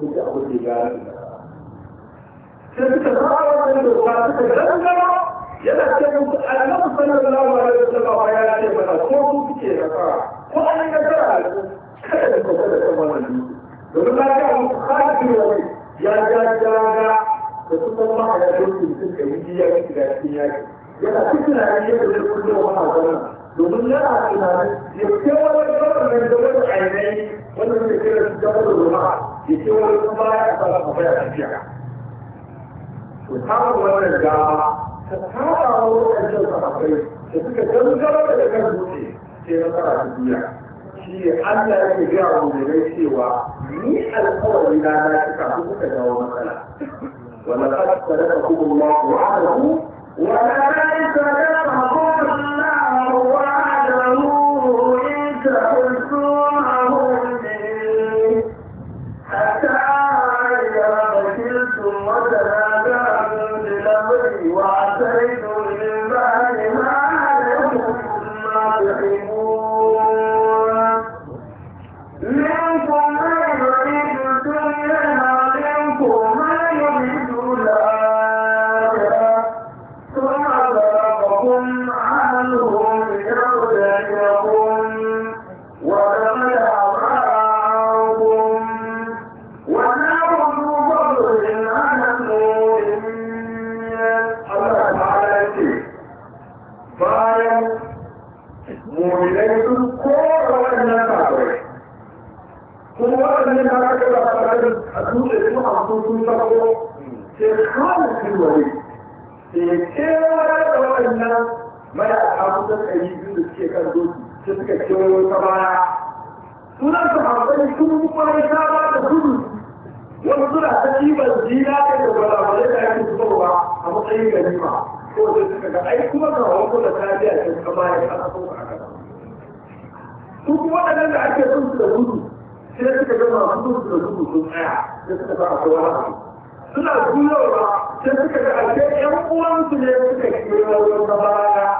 duk abin da ya rabu sai suka fara wani doka suka gangara yana ce da labarai sallallahu alaihi wasallam ya ce mana ko ku kike nasara ko an nasara da kada ku kada ku wannan domin na ga muku kafiri wani ya ja ja ga da su san ma ya dokin suka yi ya ga cikin yaki yana cikin yaki ya da kullu wa hazana domin yana tunanin ya ce wani gwamnati da wani ainihi wannan da kira su jabar ya ce wani kuma baya a ba kuma ya tafiya to samun wannan dama ta tara wannan jin sahabbai da suka gangara da kan dutse sai na fara duniya shi ne Allah yake gaya wa mulmai cewa ni alƙawari na na cika ku kuka dawo matsala wala qad sadaqakum Allah wa'adahu wa la yusadaqa Allah wa'adahu in people suka ta baya sunan hankali sun ba da gudu wani suna ta da gwalabalai da yake a matsayin ko suka ga ai kuma so a kasa su kuma waɗannan da ake son su da sai suka su da sun tsaya suka suna sai suka ga ake ƴan uwansu ne suka kewayo baya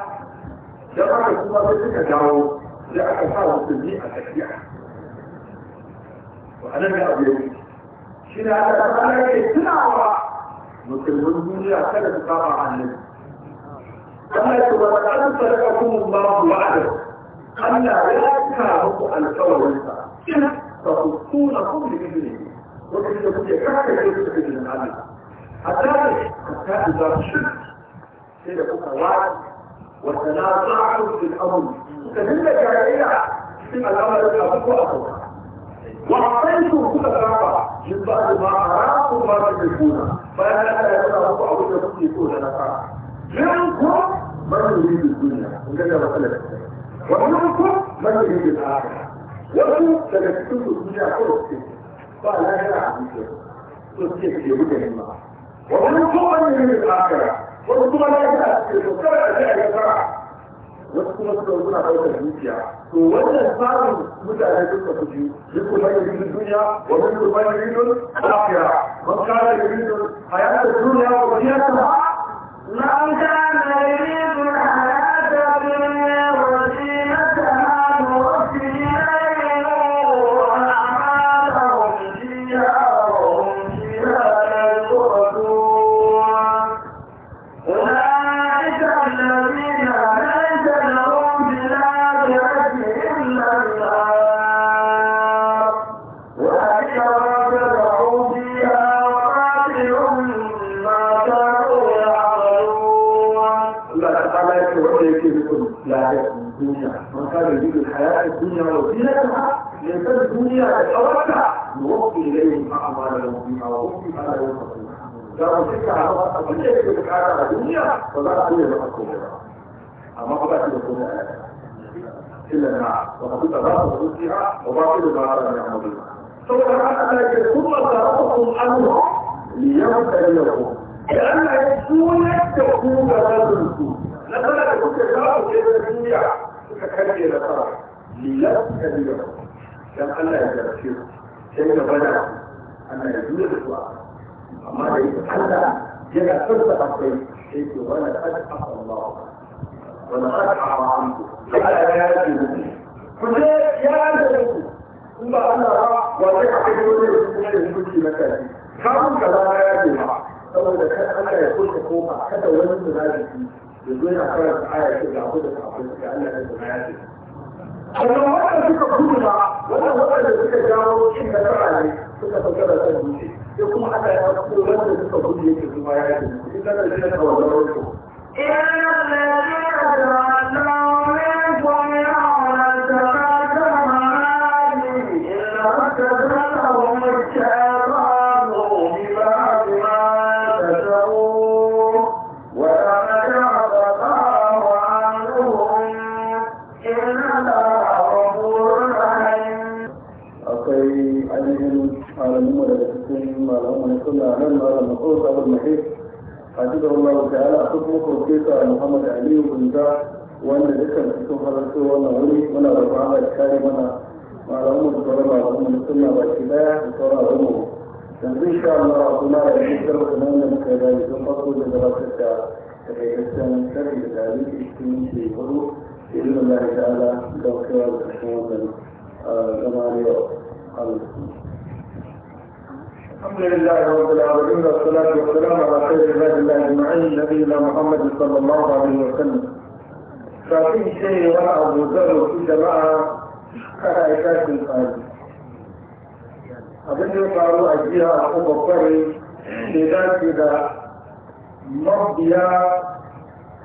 da haka kuma sai suka dawo لا أتفاوض بالمئة تشريعا وأنا لا أبيعي شنا هذا فعلا يتنع وراء مسلمون دنيا كلا تقارع عن النبي كما يتبقى أنت لكم الله وعده أن لا يكره الكوى والسعى فتصونكم لإذنه وكذا كنت يكفر يكفر من العالم حتى حتى إذا شك سيدكم وعد وتنازعتم في الأمر فهن جاهلة في الأمر الأبوك أخوك وعطيتم كل الرابع من بعد ما أراكم ما تدركون فأنا لا يتعرف أو يتقيتون لك منكم من يريد الدنيا وكذا وكذا ومنكم من يريد الآخرة وكم تلفتون الدنيا كلها فلا يعلم شيء تسكت يوم ومنكم من يريد الآخرة wasu kuma na yi a cikin kawai a a yi wasu kuma suka ɗaukar zuciya to wannan tsarin mutane duka su duk mai yin duniya wa min kuma yin lafiya duniya wa na an ubangiji ana yin sa da wasu hawa a duk da yake kara a duniya ba za a iya zama amma ba za da komai a illa na wa wa ba da ba da amma saboda haka kuma ba ce sannan waɗanda suka kuma wannan waɗanda suka jawo cin da karare suka sauka da san zuci sai kuma aka yi wasu wanda suka ya yake zuwa ya yi da suke kanar da na kawo da wasu. Ina da na كثير حديثه الله تعالى أخذ موقع محمد علي بن wanda dukkan cikin halarci wannan wuri muna da ba da kare mana malamu da sauran malamu da sunna baki daya da sauran alamu yanzu insha Allah kuma da yake karɓar da nan da muka da bayi farko da gabatar da takaitaccen sarki da dalili cikin shekaru irin Allah ta'ala da kaiwa da ƙarshen da gama da yau. الحمد لله رب العالمين والصلاة والسلام على خير عباد الله أجمعين نبينا محمد صلى الله عليه وسلم. ففي شيء وراء أبو في جماعة كان إيكاس الفاز. أبن يقال أجيها أبو بكر في ذلك إذا مرضيا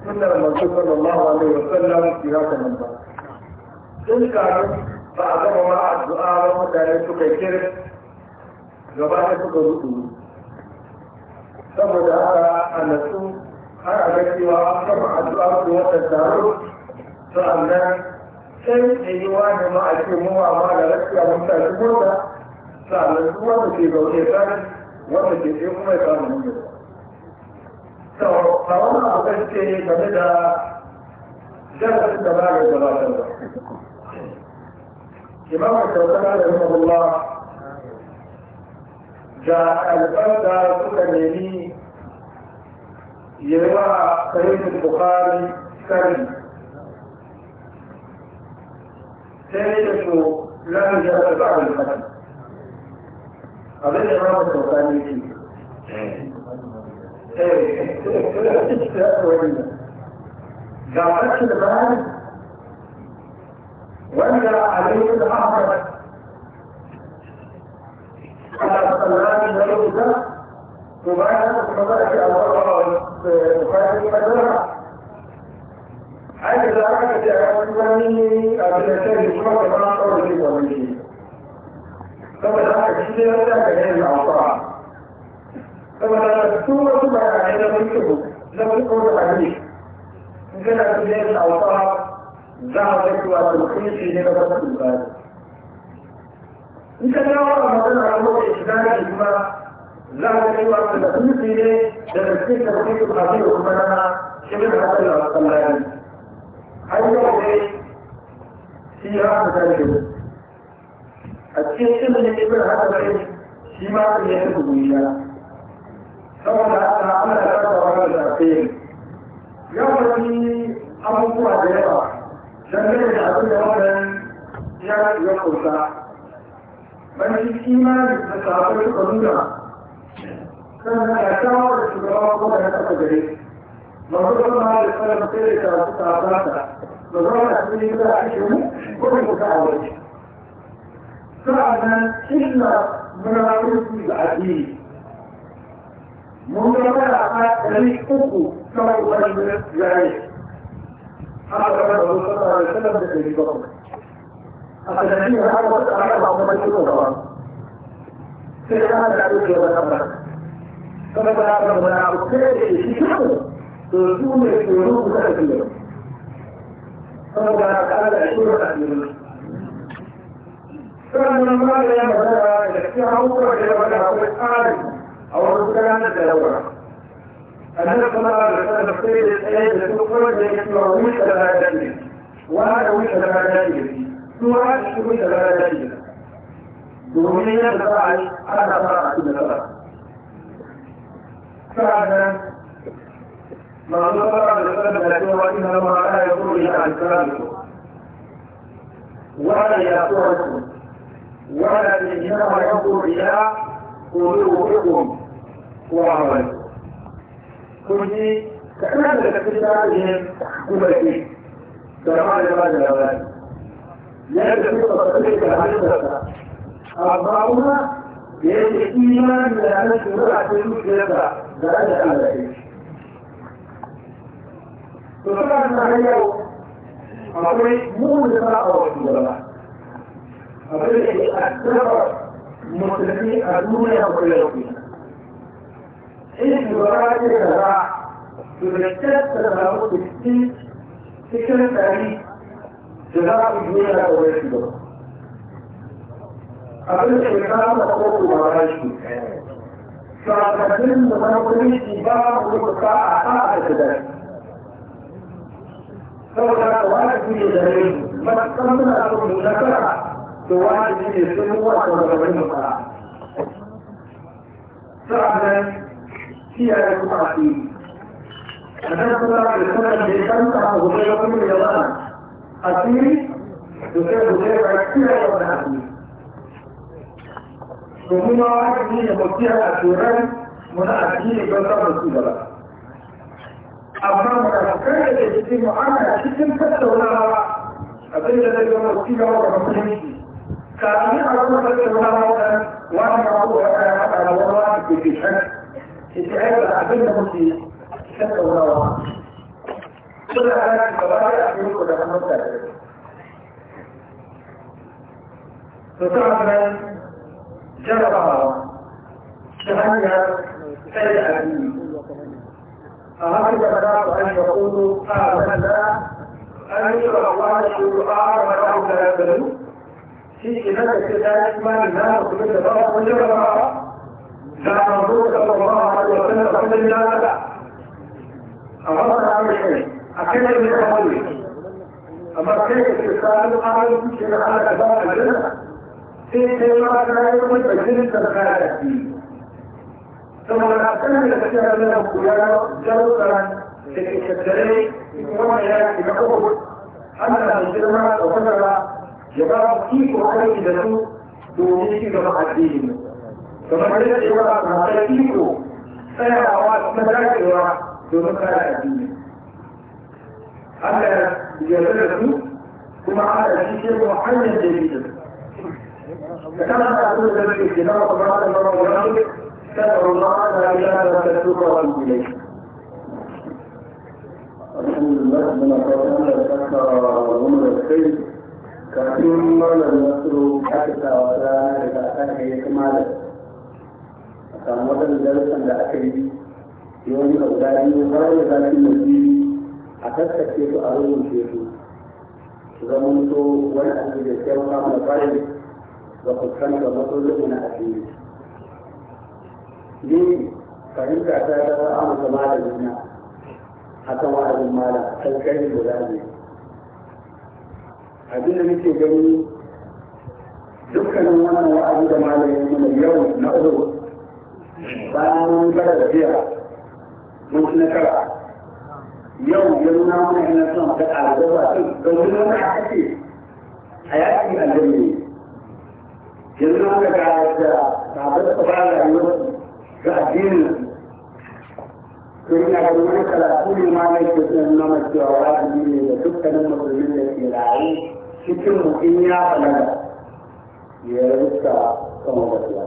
سنة الرسول صلى الله عليه وسلم في هذا المنبر. تلك بعد ما الدعاء ومتى كيف gaba da suka rudu saboda haka a nasu ana ga cewa an kama addu'a ko wata taro sa'annan sai da yi wa da ma a ce mu ma ma da lafiya mun ta shi gurba sa'annan su wanda ke gauje sani wanda ke ce kuma ya samu mun gaba. Sau, a wani abu kan ce game da darasin da ba ga gabatar ba. Imam Shautar Alayhi Mahullah da ɗaliban da suka nemi yawa sahihul bukhari sani sai da su lan ya da ba'al fadi abin da ba mu sauka ne shi ga wacce da bayan wanda a lokacin ahmad الإسلام ومع أن الحضارة الأمر مخالفة المدرسة عايز أعرف أنني أتنسى بشرط ما أقول لي ومني فما ذاك الشيء لا يمكن الأوطان فما ذاك ثم ثم عندما يكتبوا لم يكن عليه إن كان أتنسى الأوطان ذهبت وتلقيت إلى مدرسة البلد. إن كان يرى مثلا عن الإسلام إجماع za ka kai wa da sunfi ne da gaske da kuma su kafin da kuma rana shi ne da hakan da wasan layi har yau ne shi ya haka ta shi a cikin shi ne ne bin haka shi ma su ne su gudunya saboda haka ana da haka wani da ke yau wani abubuwa da yawa dangane da abin da wannan ya ya kusa ban shi imani da sabon suka sannan a kawo da shugaba ko da ya taɓa gare manzo da ma da sallam sai da ta ta ta ta da zama da shi da ake mu ko da ka aure sa'annan illa munafiki da addini mun ga mana a ɗari uku kawai wannan jari haka da manzo sallallahu alaihi wasallam da ɗari bakwai a sanadiyar har wata araba kuma shi gaba sai ana da ake wani kada ka haka wani abu kada da shi kyau to su ne tsoro ku kada su yau kada ka haka ala shi ne a cikin sannan ma da ya magana da cikin hankula da ya bada akwai tsari a wani gudanar da yawa annan kuma da sanar sai da tsaye da su kuma da ya cewa wuce da rada ne wa da wuce da rada ne su ha da shi wuce da rada ne domin yadda ba a yi ana fara a cikin rada فعلا ما نصر على السنة وإنما لا يقول إلا الكلام ولا يأتوكم ولا إنما يقول إلى قلوبكم وعملكم كنت كأنك تكتب عليهم قبلتي كما لما جلالك يجب تصديق الحديثة أربعون يجب إيمان لأنك لا تنوي درجة على شيء وطبعا ما هي أقول مو لقاء رسول الله أقول أكثر مسلمين أدوني أقول لكم إيه براءة الزراعة تذكرت تدعوه بالسيط فكرة تاريخ جزاء الدنيا أولئك أقول لك إنها تقوم بمراجعك فقدم منظري اتباع وقطاع عقاعدة ذلك فوضع واجب يدري فتقبل أقول لك تواجب يسوع وتواجب القرآن فعلا في آية تعطيل أنا صلى الله عليه وسلم بيتم كما غفر لكم اليوم أصيل يسير غير أكثر وأنا أصيل domin ma haka ne da kwanciyar a turai muna addini don samun su gaba amma matakan da ke cikin mu'amala cikin tattaunawa abin da zai zama su gaba ga musulunci kafin a kuma tattaunawa da wani mako ya kaya haɗa da wani wani ke ke shan ita aika abin da muke tattaunawa suna hana gaba da abin da hannun da ta yi. Sosai جربها تهنى سيئا فهكذا بدأت أن يقولوا آمنا أن الله يقول آمنا ولا يبلغ في كتابة كتاب ما الناس من الله وجربها لا رسول صلى الله عليه وسلم قبل الله أمرنا عن شيء أكيد من الأول أما كيف تسأل عن شيء على أداء الجنة sai sai ma ta yi wani bakin sarkara da shi saboda a kan da kake da nan kula jarutsaran da ke tattare kuma ya yi na kogo Allah da girma da kwanara ya ba mu iko kai da su domin shi gaba addini kamar da cewa ba ta iko tsayawa na dacewa domin kare addini Allah ya yarda da su kuma Allah shi ke mu hanyar da yake فكما تقول لمن اجتماع الله الله وبحمده كبر الله لا اله الا هو واتوب اليه الحمد لله ربنا تعالى ذكر ومن الخير كثير من النصر حتى ولا إذا أتاك يكمل فكان وطن يوم أولادي وغير ذلك المسجد أتتك يتو أرون شيخ زمنتو وأنا أجد الشيخ قام da fuskantar matsaloli na addini ni fahimta ta ta amsa malamin na akan wa'azin malam kan kai guda ne abin da muke gani dukkanin wannan wa'azi da malamin mu yau na uku bayan mun fara tafiya mun ci nasara yau ya nuna mana ina son ta ƙarfi ba su domin wani a kake a yaƙin aljanna yanzu na ga da da ba da rayuwar ga addinin to ina ga wani karatu ne ma na ke tsanin na mai cewa wajibi ne da dukkanin musulmi da ke rayu cikin mutum ya balaga ya rubuta kan wata ba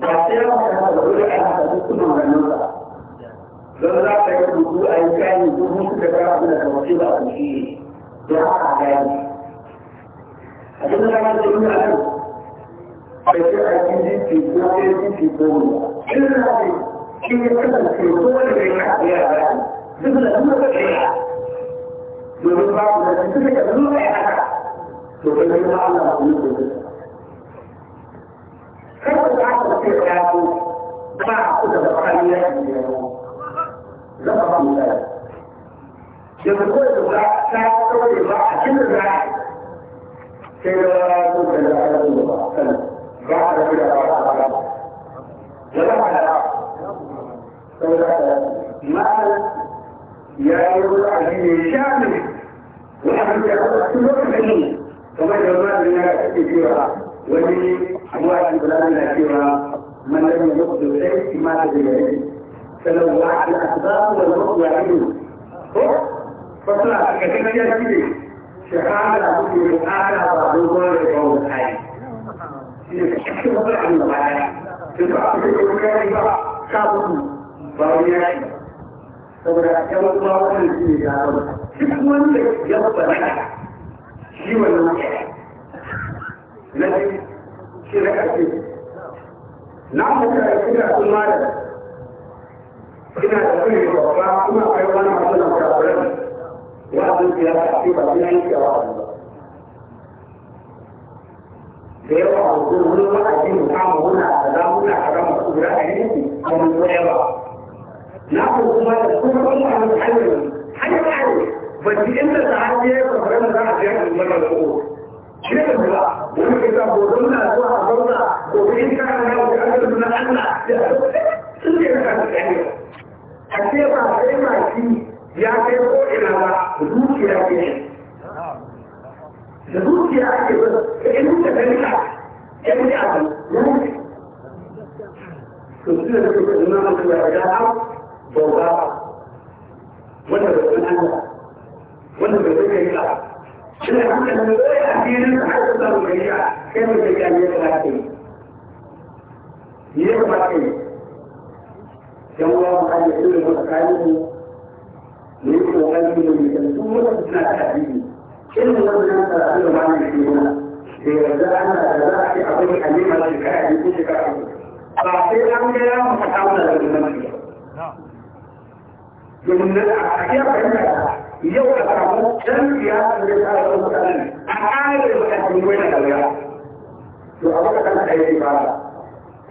sai ba ka da wani ana da dukkan wannan ba don za ka yi rubutu a yi kayan dubu da kara da kamar shi ba a kushi ya haka gani abin da kama da ina nan bai ce a cikin ke ko ya ci ke ko ne shi na ne shi ne kasance ko wani bai ka da yara duk da duk da kai domin ba ku da duk da duk da yara to kai ne ma Allah ku ne kada da aka ce ya ko ba ku da kariya ne zama ba mu da yanzu ko da ta kawai ba a cikin da كذا كنت لا أدوم بعد كذا بعد جمع على ما يا العزيز شامل وحمد الله سبحانه وتعالى وما جمال لنا كثيرا ولي أموال بلادنا كثيرا من لم يقصد شيء ما تدري فلو وعد الأسباب والمقصد عنه فطلع كثيرا يا سيدي shahada kuke bukata ba dogon rikon wutari shi ne kashe wani abin da ba ya yi da ba ba ka hudu? ba wani ya yi saboda yan kuma wannan shi ne ya zama duk wanda ya baraka shi wannan ya yi na ji shi na ƙarfi na mutu da kira sun ma ina da kuma babba a akwai wani masu na ya abinci ya kafe ba ya yi da wa'azi ba da yawa a wajen wani wa'azi mu kama muna kaza muna kaza masu guda a yanki a mun zo yawa na ku kuma da kuma wani hanyar hanyar hanyar ba ji inda ta hanyar ya kafa da za a biya da mana da ko shi ne ba wani ke sa gobe muna zuwa a zauna gobe in ka kana da aka nuna Allah da sun ke da kan a ce ba sai ma shi ya kai ko ina ba zuciya ke da zuciya ake ba in ka gani ka yan ya ba to shi ne da kuma nan da ya ga ha bauta wanda ba san Allah wanda ba san kai ba shi ne haka ne da ya fiye da haka da mai ya kai mu da ya ne da haka ne ne ba kai yan wa mu kai da su da mu kai mu ليسوا قلبي من يكلمون بما تحديني كلمة لما أنت أقول معنا يكلمون ليرزقنا الرزاق أقول أمين على الكلام يكون شكرا فأعطي الأمر يا متحاولة بالمنزل من الأحياء فإنها يوم أتعمل كم فيها من الأحياء المتعلمة أحاول المتعلمين وين الأولياء وأولا كانت أيدي فعلا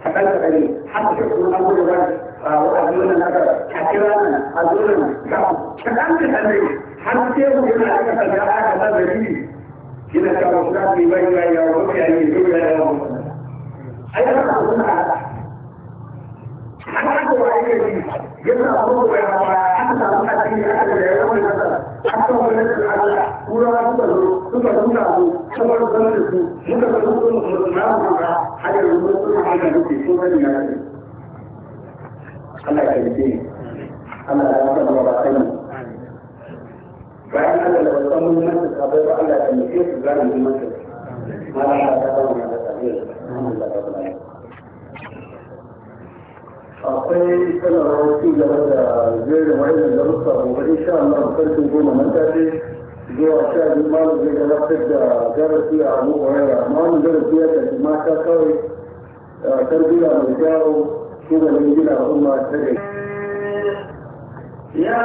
حتى الأولياء حتى شكرا أقول ذلك bawo a zo Allah ya yi Allah ya san ba ba sani bayan Allah da wasan muhimmanci sabai ba Allah ya yi su gane muhimmanci malam ya ta zama da tsaye akwai sanarwar ci gaba da jerin wajen da rufa gobe insha Allah karfin goma nan tafi zuwa sha biyu malam zai gabatar da darasi a abu hurairah malam darasi ya tafi mata kawai tarbiyya mai jawo إذا من جل أمة يا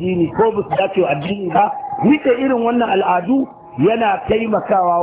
addini ko ba su dace addini ba rike irin wannan al'adu yana taimakawa